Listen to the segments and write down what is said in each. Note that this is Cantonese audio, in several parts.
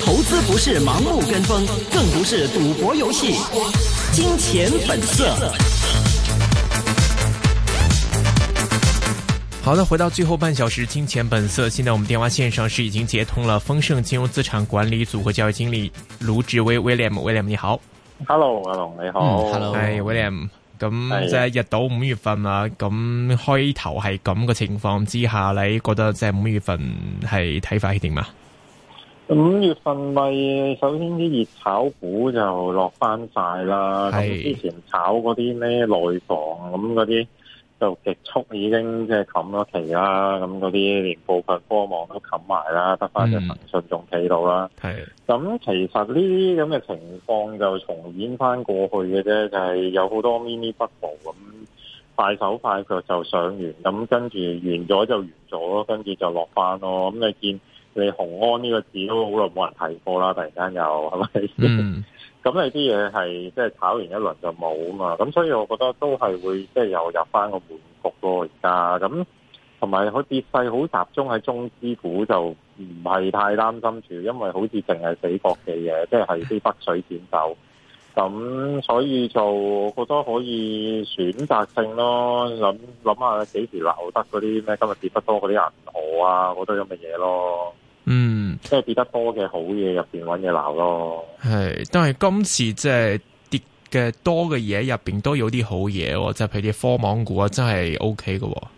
投資不是盲目跟風，更不是賭博遊戲。金錢本色。好的，回到最後半小時《金錢本色》，現在我們電話線上是已經接通了豐盛金融資產管理組合教育經理盧志威 William，William 你好。Hello，Hello 你好。Hello，哎，oh, hello, William。咁即係日到五月份啊，咁開頭係咁嘅情況之下，你覺得即係五月份係睇法係點啊？五月份咪首先啲熱炒股就落翻晒啦，咁是之前炒嗰啲咩內房咁嗰啲。就極速已經即係冚咗旗啦，咁嗰啲連部分科網都冚埋啦，得翻隻騰訊仲企到啦。係咁、嗯，其實呢啲咁嘅情況就重演翻過去嘅啫，就係、是、有好多 mini bubble 咁快手快腳就上完，咁跟住完咗就完咗，跟住就落翻咯。咁你見你雄安呢個字都好耐冇人提過啦，突然間又係咪？咁你啲嘢係即係炒完一輪就冇啊嘛，咁所以我覺得都係會即係又入翻個悶局咯而家，咁同埋佢跌勢好集中喺中資股就唔係太擔心住，因為好似淨係死國企嘢，即係係啲北水選走，咁所以就覺得可以選擇性咯，諗諗下幾時留得嗰啲咩今日跌得多嗰啲銀行啊嗰啲咁嘅嘢咯。嗯，即係跌得多嘅好嘢入邊揾嘢鬧咯。係，但係今次即係跌嘅多嘅嘢入邊都有啲好嘢，即係譬如啲科網股啊，真係 OK 嘅。咁啊、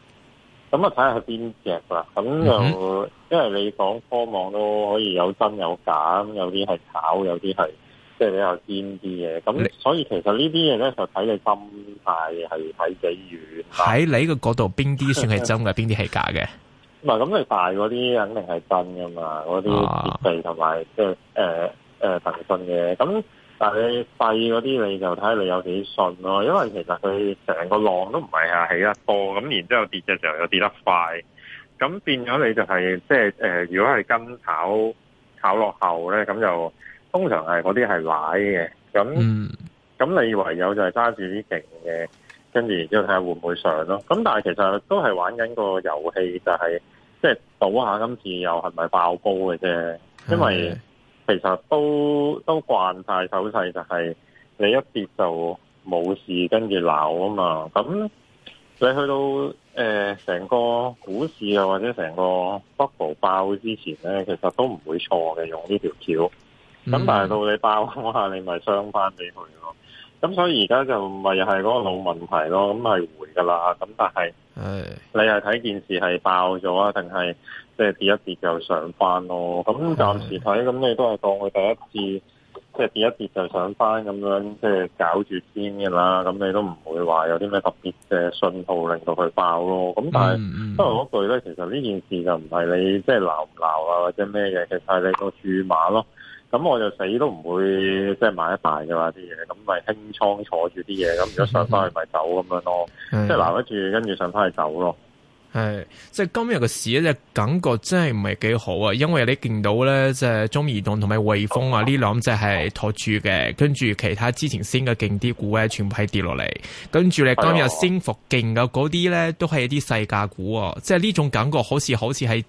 嗯，睇下係邊隻啦。咁又，嗯、哼因為你講科網都可以有真有假，有啲係炒，有啲係即係比較堅啲嘅。咁所以其實呢啲嘢咧，就睇你心態係睇幾遠。喺你嘅角度，邊啲算係真嘅，邊啲係假嘅？咁，你大嗰啲肯定係真㗎嘛，嗰啲設備同埋即係誒誒騰訊嘅。咁但係你細嗰啲，你就睇你有幾順咯、啊。因為其實佢成個浪都唔係下起得多，咁然之後跌嘅時候又跌得快。咁變咗你就係、是、即係誒、呃，如果係跟炒，炒落後咧，咁就通常係嗰啲係奶嘅。咁咁、嗯、你唯有就係揸住啲勁嘅，跟住然之後睇下會唔會上咯、啊。咁但係其實都係玩緊個遊戲、就是，就係。即係倒下，今次又係咪爆煲嘅啫？因為其實都都慣晒手勢，就係你一跌就冇事，跟住鬧啊嘛。咁你去到誒成、呃、個股市啊，或者成個 bubble 爆之前咧，其實都唔會錯嘅，用呢條橋。咁但係到你爆下，你咪傷翻俾佢咯。咁所以而家就咪又係嗰個老問題咯，咁咪回噶啦。咁但係。係，Hey. 你係睇件事係爆咗啊，定係即跌一跌就上翻咯？咁暫時睇，咁你都係當佢第一次，即跌一跌就上翻咁樣，即搞住先噶啦。咁你都唔會話有啲咩特別嘅信號令到佢爆咯。咁但係不過嗰句咧，其實呢件事就唔係你即鬧唔鬧啊，或者咩嘅，其實係你個注碼咯。咁我就死都唔會即係買一大嘅啦啲嘢，咁咪輕倉坐住啲嘢，咁如果上翻去咪走咁樣咯， 即係留得住，跟住上翻去走咯。係，即係今日嘅市咧，感覺真係唔係幾好啊！因為你見到咧，即係中移動同埋匯豐啊，呢兩隻係托住嘅，跟住、oh, 其他之前先嘅勁啲股咧，oh. 全部係跌落嚟，跟住你今日升幅勁嘅嗰啲咧，都係一啲細價股啊！即係呢種感覺好，好似好似喺……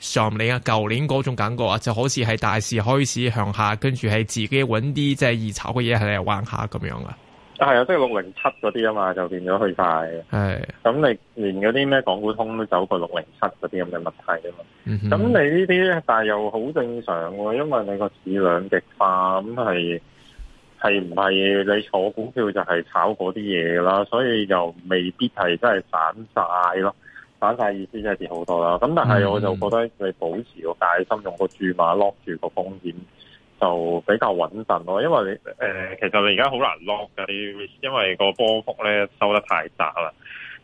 上年啊，舊年嗰種感覺啊，就好似係大市開始向下，跟住係自己搵啲即係易炒嘅嘢喺度玩下咁樣啊。係啊，即係六零七嗰啲啊嘛，就變咗去晒。係的。咁你連嗰啲咩港股通都走過六零七嗰啲咁嘅物體啊嘛。咁、嗯、哼你呢啲，但係又好正常喎，因為你個市兩極化，咁係，係唔係你坐股票就係炒嗰啲嘢㗎啦，所以又未必係真係散晒咯。反晒意思真係跌好多啦，咁但係我就覺得你保持個戒心，mm hmm. 用個注碼 lock 住個風險就比較穩陣咯。因為你誒、呃、其實你而家好難 lock 嘅，你因為個波幅咧收得太窄啦。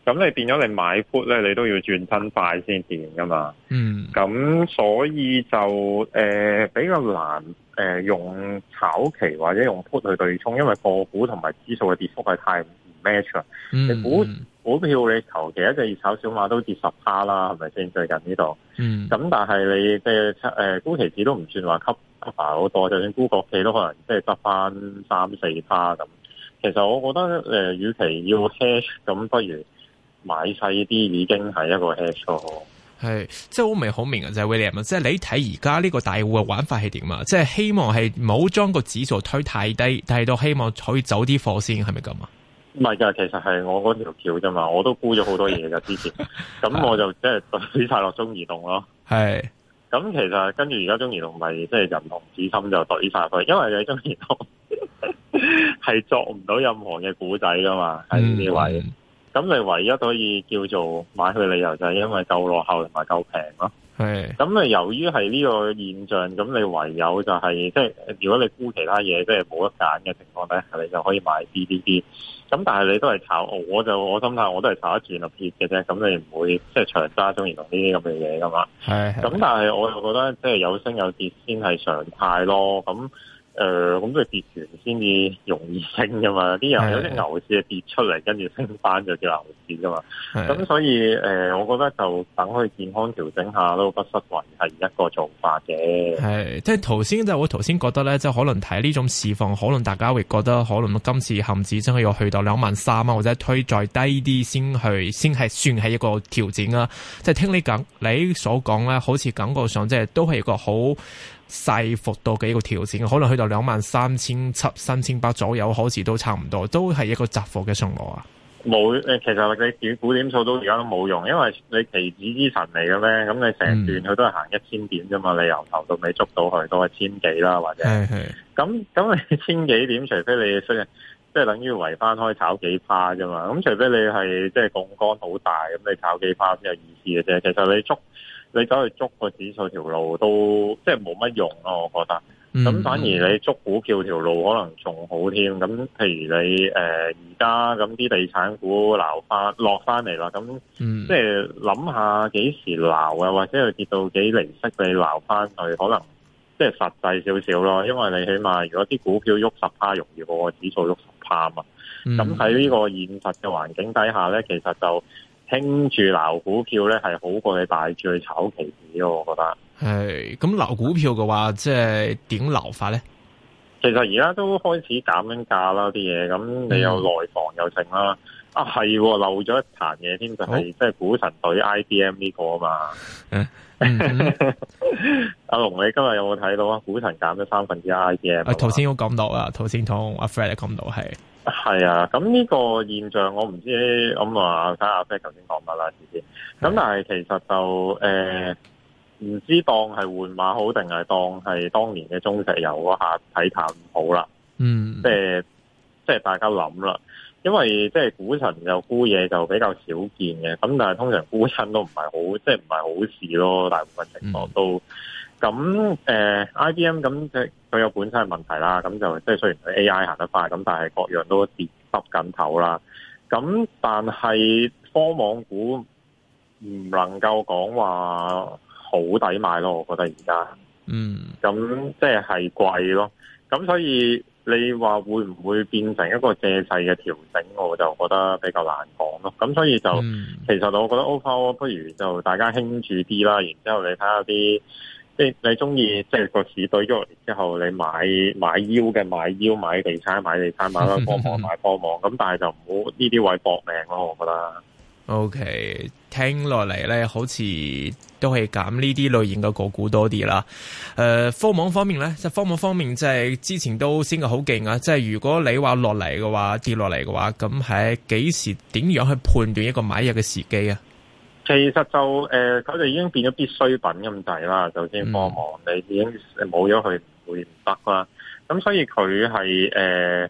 咁你變咗你買 put 咧，你都要轉身快先掂噶嘛。咁、mm hmm. 所以就誒、呃、比較難誒、呃、用炒期或者用 put 去對沖，因為個股同埋指數嘅跌幅係太唔 match。Mm hmm. 你估股票你求其一隻熱炒小馬都跌十趴啦，係咪先最近呢度？咁、嗯、但係你即係誒高期指都唔算話吸吸埋好多，就算估 o o 都可能即係得翻三四趴咁。其實我覺得誒、呃，與其要 hedge，咁不如買晒啲已經係一個 hedge 咯。係，即係好明好明啊！就 William 啊，即係你睇而家呢個大戶嘅玩法係點啊？即係希望係冇將個指數推太低，但係都希望可以走啲貨先，係咪咁啊？唔係㗎，其實係我嗰條橋啫嘛，我都沽咗好多嘢㗎之前。咁我就即係懟晒落中移動咯。係、 嗯。咁其實跟住而家中移動咪即係人同紫心就懟晒佢，因為你中移動係作唔到任何嘅故仔噶嘛，喺呢位。咁你、嗯嗯、唯一可以叫做買佢理由就係因為夠落後同埋夠平咯。係，咁啊、嗯，由於係呢個現象，咁你唯有就係、是，即係如果你估其他嘢，即係冇得揀嘅情況底下，你就可以買 B B B。咁但係你都係炒我，我就我心態我都係炒一轉落跌嘅啫，咁你唔會即係長揸中移動呢啲咁嘅嘢噶嘛。係咁、 嗯、但係我又覺得即係有升有跌先係常態咯。咁、嗯。誒，咁都係跌完先至容易升噶嘛？啲人的有啲牛市係跌出嚟，跟住升返就叫牛市噶嘛？咁的所以誒、呃，我覺得就等佢健康調整下都不失為係一個做法嘅。係，即係頭先就我頭先覺得咧，即係可能睇呢種市況，可能大家會覺得，可能今次恆指真係要去到兩萬三啊，或者推再低啲先去，先係算係一個調整啦、啊。即係聽你講，你所講咧，好似感覺上即係都係一個好。細幅度嘅一個調整，可能去到兩萬三千七、三千八左右，好似都差唔多，都係一個窄幅嘅上落啊。冇，誒，其實你估點數都而家都冇用，因為你期指之神嚟嘅咩？咁你成段佢都係行一千點啫嘛，嗯、你由頭到尾捉到去都係千幾啦，或者，咁咁你千幾點，除非你即係等於圍翻開炒幾趴啫嘛，咁除非你係即係槓桿好大，咁你炒幾趴先有意思嘅啫。其實你捉。你走去捉個指數條路都即係冇乜用咯，我覺得。咁、嗯、反而你捉股票條,條路可能仲好添。咁譬如你誒而家咁啲地產股鬧翻落翻嚟啦，咁即係諗下幾時鬧啊，或者佢跌到幾釐息你鬧翻去，可能即係實際少少咯。因為你起碼如果啲股票喐十趴容易過個指數喐十趴啊嘛。咁喺呢個現實嘅環境底下咧，其實就。傾住撈股票咧，係好過你大住去炒期指嘅，我覺得。係咁撈股票嘅話，即係點撈法咧？其實而家都開始減緊價啦，啲嘢咁，你有內房又剩啦。啊，係漏咗一壇嘢添，就係、是哦、即係股神對 I B M 呢個啊嘛。嗯嗯、 阿龍，你今日有冇睇到啊？股神減咗三分之一 I B M。頭先我講到啊，頭先同阿 Fred 講到係係啊。咁呢個現象我，我唔知，我唔話睇阿 Fred 頭先講乜啦。咁、嗯、但係其實就誒，唔、呃、知當係換馬好，定係當係當年嘅中石油嗰下睇淡好啦。嗯，即係即係大家諗啦。因為即係股神就沽嘢，就比較少見嘅。咁但係通常沽親都唔係好，即係唔係好事咯。大部分情況都咁，誒，I B M 咁即佢有本身嘅問題啦，咁就即係雖然佢 A I 行得快，咁但係各樣都跌耷緊頭啦。咁但係科網股唔能夠講話好抵買咯，我覺得而家，嗯，咁即係係貴咯，咁所以。你話會唔會變成一個借勢嘅調整？我就覺得比較難講咯。咁所以就、嗯、其實我覺得，overall 不如就大家輕注啲啦。然之後你睇下啲即係你中意即係個市對咗之後你買買腰嘅買腰，買，腰買地產買地產買科網買科網。咁但係就唔好呢啲位搏命咯。我覺得。O、okay, K，聽落嚟咧，好似都係揀呢啲類型嘅個股多啲啦。誒、呃，科網方面咧，就科網方面，即係之前都升嘅好勁啊！即、就、係、是、如果你話落嚟嘅話，跌落嚟嘅話，咁喺幾時點樣去判斷一個買入嘅時機啊？其實就誒，佢、呃、哋已經變咗必需品咁滯啦，首先科網，嗯、你已經冇咗佢唔會唔得啦。咁所以佢係誒。呃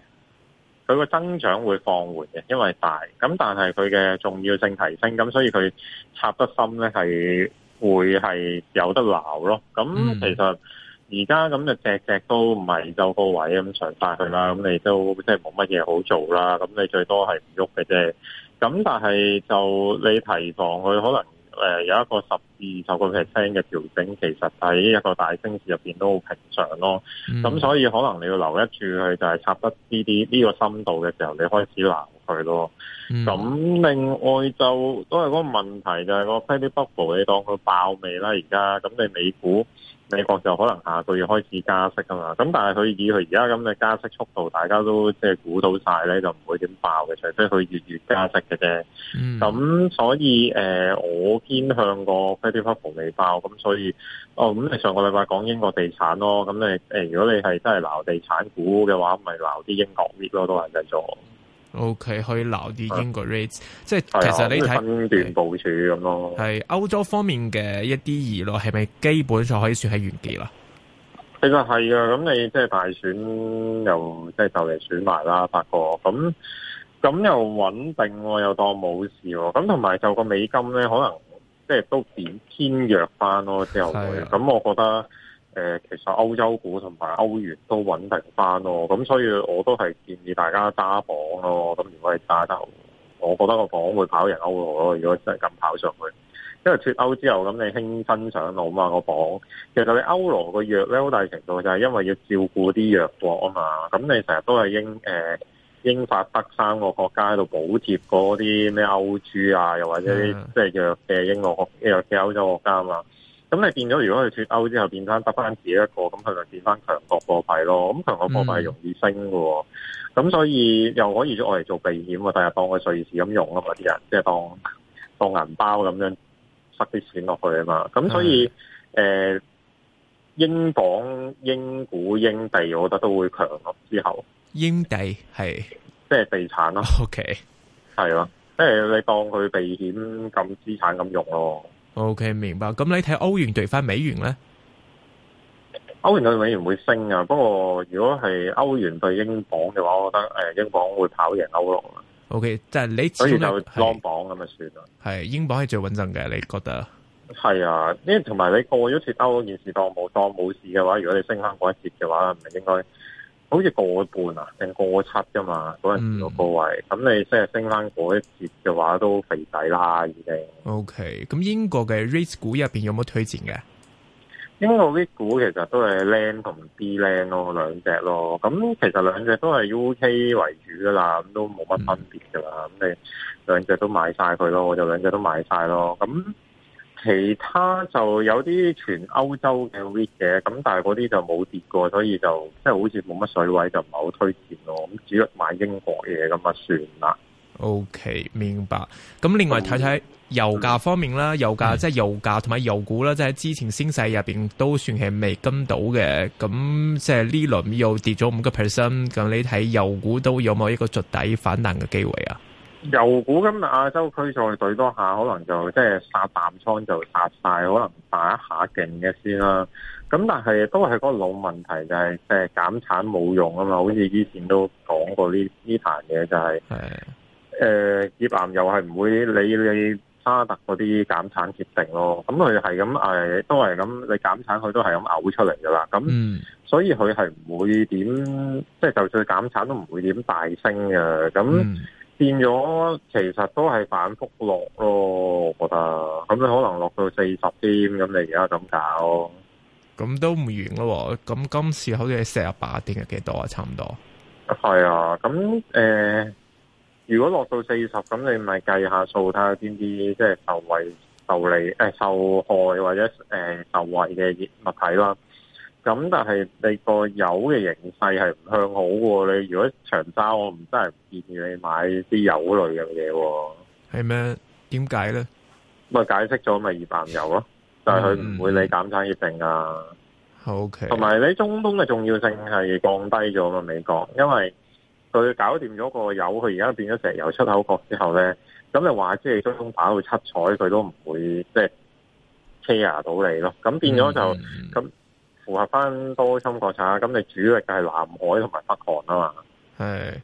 佢個增長會放緩嘅，因為大咁，但係佢嘅重要性提升，咁所以佢插得深咧，係會係有得鬧咯。咁、嗯嗯、其實而家咁就隻隻都唔係就高位咁上晒去啦，咁、嗯、你都即係冇乜嘢好做啦。咁你最多係唔喐嘅啫。咁但係就你提防佢可能。誒有一個十二十個 percent 嘅調整，其實喺一個大升市入邊都好平常咯。咁、嗯、所以可能你要留一注佢，就係、是、插得呢啲呢個深度嘅時候，你開始鬧佢咯。咁、嗯、另外就都係嗰個問題，就係、是、個 credit bubble 你當佢爆尾啦？而家咁你美股。美國就可能下個月開始加息啊嘛，咁但係佢以佢而家咁嘅加息速度，大家都即係估到晒咧，就唔會點爆嘅，除非佢月月加息嘅啫。咁、嗯、所以誒、呃，我偏向個 credit bubble 未爆，咁所以哦，咁你上個禮拜講英國地產咯，咁你誒、呃、如果你係真係鬧地產股嘅話，咪鬧啲英國 lift 咯，都係嘅，做。O.K. 可以留啲英國 rate 即係其實你睇的是分段部署咁咯。係歐洲方面嘅一啲疑慮係咪基本上可以算係完結啦？其實係啊，咁你即係大選又即係就嚟選埋啦，發覺咁咁又穩定喎，又當冇事喎。咁同埋就個美金咧，可能即係都變偏弱翻咯。之後會，的我覺得。誒，其實歐洲股同埋歐元都穩定翻咯，咁所以我都係建議大家揸鎊咯。咁如果係揸得，我覺得個鎊會跑贏歐羅咯。如果真係咁跑上去，因為脱歐之後咁你輕身上路啊嘛，個鎊其實你歐羅個弱咧，好大程度就係因為要照顧啲弱國啊嘛。咁你成日都係英誒英法德三個國家喺度補貼嗰啲咩歐豬啊，又或者啲即係弱嘅英國弱嘅歐洲國家啊嘛。咁你變咗，如果佢脱歐之後變返得返自己一個，咁佢咪變返強國貨幣咯。咁強國貨幣係容易升嘅，咁、嗯、所以又可以用嚟做避險，但係當佢瑞士咁用啊嘛，啲人即係當當銀包咁樣塞啲錢落去啊嘛。咁所以，誒、嗯欸，英鎊、英股、英地，我覺得都會強落之後。英地係即係地產咯。O K. 係咯，即係你當佢避險咁資產咁用咯。O K，明白。咁你睇歐元對翻美元咧？歐元對美元會升啊。不過如果係歐元對英鎊嘅話，我覺得誒，英鎊會跑贏歐羅。O K，即係你所以就當鎊咁啊算啦。係英鎊係最穩陣嘅，你覺得？係啊，因為同埋你過咗次歐元件事當冇當冇事嘅話，如果你升翻嗰一截嘅話，唔係應該。好似過半啊，定過七噶嘛？嗰陣時個位，咁、嗯、你即係升翻嗰一截嘅話，都肥仔啦已經。O K，咁英國嘅 REITs 股入邊有冇推薦嘅？英國 REITs 股其實都係 Land 同 B Land 咯兩隻咯，咁其實兩隻都係 U K 為主噶啦，咁都冇乜分別噶啦，咁、嗯、你兩隻都買晒佢咯，我就兩隻都買晒咯，咁。其他就有啲全歐洲嘅匯嘅，咁但係嗰啲就冇跌過，所以就即係好似冇乜水位就，就唔係好推薦咯。咁只係買英國嘢咁啊，算啦。OK，明白。咁另外睇睇好油價方面啦，嗯、油價即係油價同埋油股啦，即、就、係、是、之前升勢入邊都算係未跟到嘅，咁即係呢輪又跌咗五個 percent。咁你睇油股都有冇一個築底反彈嘅機會啊？油股今日亞洲區再對多下，可能就即係殺淡倉就殺晒，可能打一下勁嘅先啦、啊。咁但係都係嗰個老問題、就是，就係誒減產冇用啊嘛。好似以前都講過呢，呢壇嘢就係、是、誒，頁岩的、呃、又係唔會理你沙特嗰啲減產決定咯。咁佢係咁誒，都係咁，你減產佢都係咁嘔出嚟噶啦。咁、嗯嗯、所以佢係唔會點即係，就算減產都唔會點大升嘅咁。嗯嗯變咗，其實都係反復落咯，我覺得。咁、嗯、你可能落到四十點，咁你而家咁搞，咁、嗯、都唔完咯。咁、嗯、今次好似係四十八點，係幾多、嗯、啊？差唔多。係啊，咁誒，如果落到四十，咁、嗯、你咪計下數睇下邊啲即係受惠、受利誒、呃、受害或者誒、呃、受惠嘅物體啦。咁但係你個油嘅形勢係唔向好嘅，你如果長揸，我唔真係建議你買啲油類嘅嘢。係咩？點解咧？咪 解釋咗咪二百油咯，但係佢唔會你減產協定噶。O K。同埋你中東嘅重要性係降低咗嘛。美國，因為佢搞掂咗個油，佢而家變咗石油出口國之後咧，咁你話即係中東打到七彩，佢都唔會即係、就是、care 到你咯。咁變咗就咁。 符合翻多心國產，咁你主力嘅係南海同埋北韓啊嘛。係。Hey.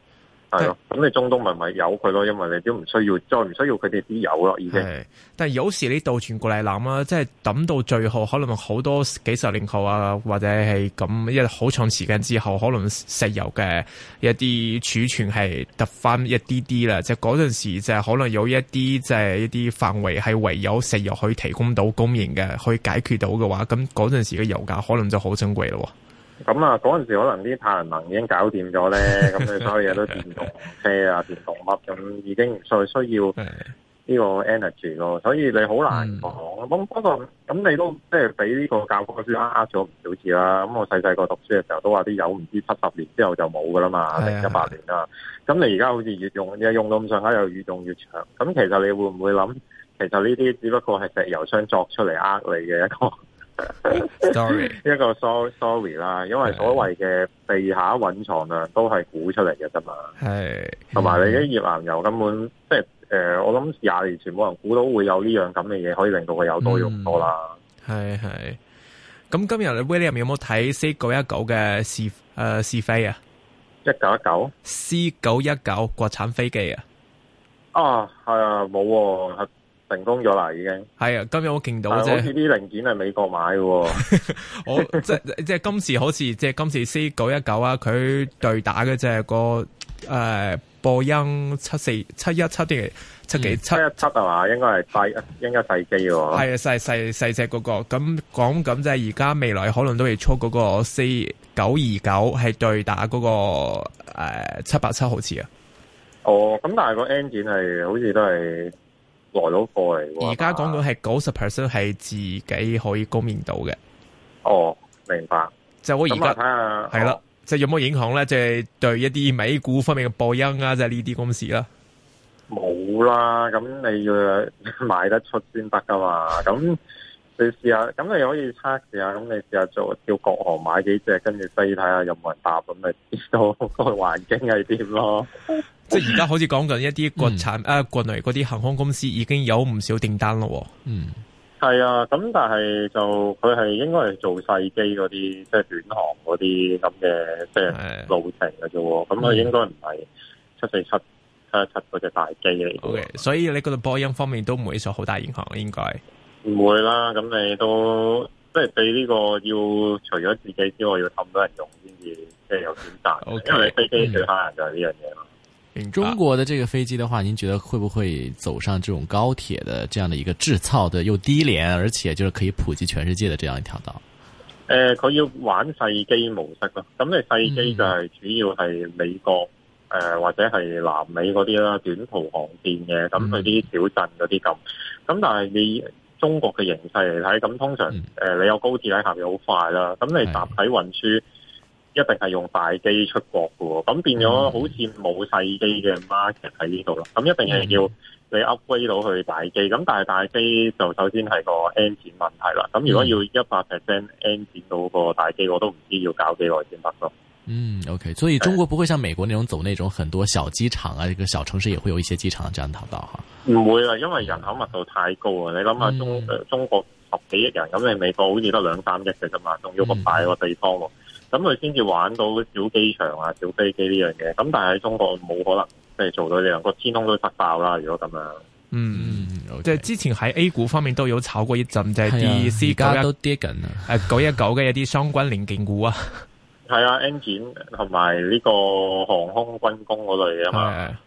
係咁你中東咪咪有佢咯，因為你都唔需要再唔需要佢哋啲油咯，已經。但有時你倒轉過嚟諗啦，即係等到最後，可能好多幾十年後啊，或者係咁一好長時間之後，可能石油嘅一啲儲存係得翻一啲啲啦。即係嗰陣時就可能有一啲即係一啲範圍係唯有石油可以提供到供應嘅，可以解決到嘅話，咁嗰陣時嘅油價可能就好珍貴咯。咁啊，嗰陣 時可能啲太陽能已經搞掂咗咧，咁你所有嘢都電動車啊，電動乜咁已經唔再需要呢個 energy 咯，所以你好難講。咁不過咁你都即係俾呢個教科書呃咗唔少次啦。咁我細細個讀書嘅時候都話啲油唔知七十年之後就冇噶啦嘛，零一八年啦。咁 你而家好似越用，你用到咁上下又越用越長。咁其實你會唔會諗？其實呢啲只不過係石油箱作出嚟呃你嘅一個 sorry，一個 sorry，sorry 啦， Story. 因為所謂嘅地下蘊藏啊，都係估出嚟嘅啫嘛。係是，同埋你啲頁岩油根本即係誒，我諗廿年前冇人估到會有呢樣咁嘅嘢，可以令到佢有多用多啦。係係、嗯，咁今日你 William 入面有冇睇 C 九一九嘅試誒試飛啊？一九一九 C 九一九國產飛機啊？啊，係啊，冇。成功咗啦，已經係啊！今日我見到啫，好似啲零件係美國買嘅，啊。 我即即今次好似即今次 C 九一九啊，佢對打嘅啫、那個誒、呃、波音七四七一七定七幾七一七啊嘛，應該係細，應該細機喎。係啊，細細細隻嗰個。咁講緊就係而家未來可能都會出嗰個 C 九二九係對打嗰、那個誒七八七好似啊。哦，咁但係個 engine 係好似都係。來到貨嚟，而家講到係九十 percent 係自己可以公認到嘅。哦，明白。就我而家，係啦了，即係、哦、有冇影響咧？即係對一啲美股方面嘅波音啊，即係呢啲公司啦，冇啦。咁你要賣得出先得㗎嘛？咁。 你試下，咁你可以測試下，咁你試下做叫國航買幾隻，跟住飛睇下有冇人搭。咁咪知道個環境係點咯。 即係而家好似講緊一啲國產誒、嗯啊、國內嗰啲航空公司已經有唔少訂單咯。嗯，係啊，咁但係就佢係應該係做細機嗰啲，即係短航嗰啲咁嘅，即係路程嘅啫。咁佢應該唔係七四七七一七嗰隻大機嚟嘅。Okay, 所以你覺得波音方面都唔會受好大嘅影響，應該。唔會啦，咁你都即係對呢個要除咗自己之外，要氹多人用先至即係有選擇。Okay, 因為你飛機最可能就係呢樣嘢。中國嘅這個飛機的話，您覺得會不會走上這種高鐵的這樣的一個製造的又低廉，而且就是可以普及全世界的這樣一條道？誒、呃，佢要玩細機模式咯。咁你細機就係主要係美國誒、嗯呃、或者係南美嗰啲啦，短途航線嘅。咁佢啲小鎮嗰啲咁，咁、嗯嗯、但係你。中國嘅形勢嚟睇，咁通常誒、呃、你有高鐵喺下面好快啦，咁你集體運輸的一定係用大機出國嘅喎，咁變咗好似冇細機嘅 market 喺呢度咯，咁一定係要你 upgrade 到去大機，咁但係大機就首先係個 engine 問題啦，咁如果要一百 percent engine 到個大機，我都唔知要搞幾耐先得咯。嗯，OK，所以中國不會像美國那種走那種很多小機場啊，一個小城市也會有一些機場這樣跑道哈。唔會啦，因為人口密度太高啊！你諗下中、嗯呃、中國十幾億人，咁你美國好似得兩三億嘅啫嘛，仲要個大個地方喎，咁佢先至玩到小機場啊、小飛機呢樣嘢。咁但係喺中國冇可能，即係做到呢樣，個天空都塞爆啦！如果咁樣，嗯，嗯即係之前喺 A 股方面都有炒過一陣，即係啲 C 家都跌緊啊，九、呃、一九嘅一啲相關零件股啊。 係啊，engine 同埋呢個航空軍工嗰類啊嘛，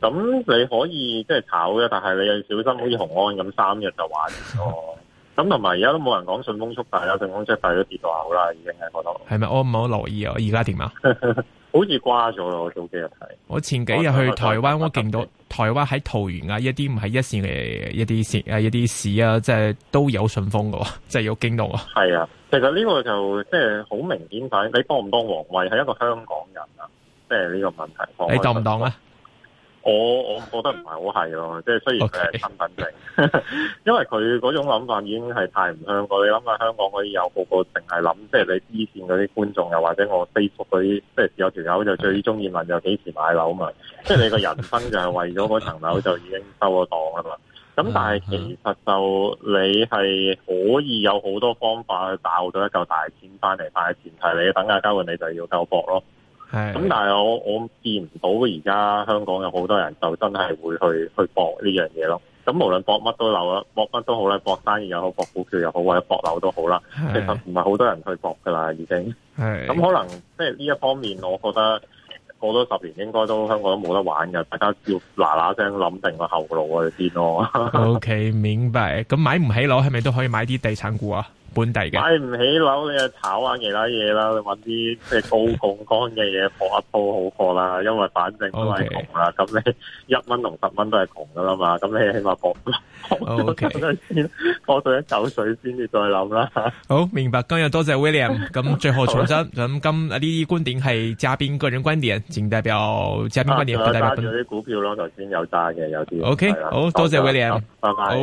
咁、啊、你可以即係炒嘅，但係你又小心，好似鴻安咁三日就玩完咗。咁同埋而家都冇人講順豐速遞啦，順豐即係快咗跌到好啦，已經喺嗰度。係咪我唔好留意啊？而家點啊？好似瓜咗啊！我早幾日睇，我前幾日前幾去台灣，啊、我見到台灣喺桃園啊，一啲唔係一線嘅一啲市，市啊，一啲市啊，即係都有順豐噶，即 係有京東 啊。係啊。其實呢個就即係好明顯睇你當唔當王衛係一個香港人啊？即係呢個問題，當你當唔當咧、啊？我我覺得唔係好係咯，即係雖然佢係身份證，Okay. 因為佢嗰種諗法已經係太唔香港。你諗下香港可以有好多淨係諗，即係你 B 線嗰啲觀眾，又或者我 Facebook 嗰啲，即係有條友就最中意問又幾時買樓嘛？即係你個人生就係為咗嗰層樓就已經收咗檔啦嘛。咁、嗯嗯、但係其實就你係可以有好多方法去爆到一嚿大錢翻嚟，但係前提你等價交換你就要夠搏咯。係是。咁但係我我見唔到而家香港有好多人就真係會去去搏呢樣嘢咯。咁無論搏乜都漏啦，搏乜都好啦，搏生意又好，搏股票又好，或者搏樓都好啦。是其實唔係好多人去搏噶啦，已經。係是。咁可能即係呢一方面，我覺得。過多十年應該，應該都香港都冇得玩嘅，大家要嗱嗱聲諗定個後路啊先咯。OK，明白。咁買唔起樓，係咪都可以買啲地產股啊？本地嘅買唔起樓，你就炒下其他嘢啦，你揾啲即係高槓桿嘅嘢博一鋪好過啦，因為反正都係窮啦，咁你一蚊同十蚊都係窮噶啦嘛，咁你起碼搏博到先，博到一走水先至再諗啦。好明白，今日多謝 William，咁最後重申，咁今呢啲觀點係嘉賓個人觀點，僅代表嘉賓觀點，不代表。咗啲股票咯，頭先有揸嘅有啲。O K，好多謝 William，拜拜。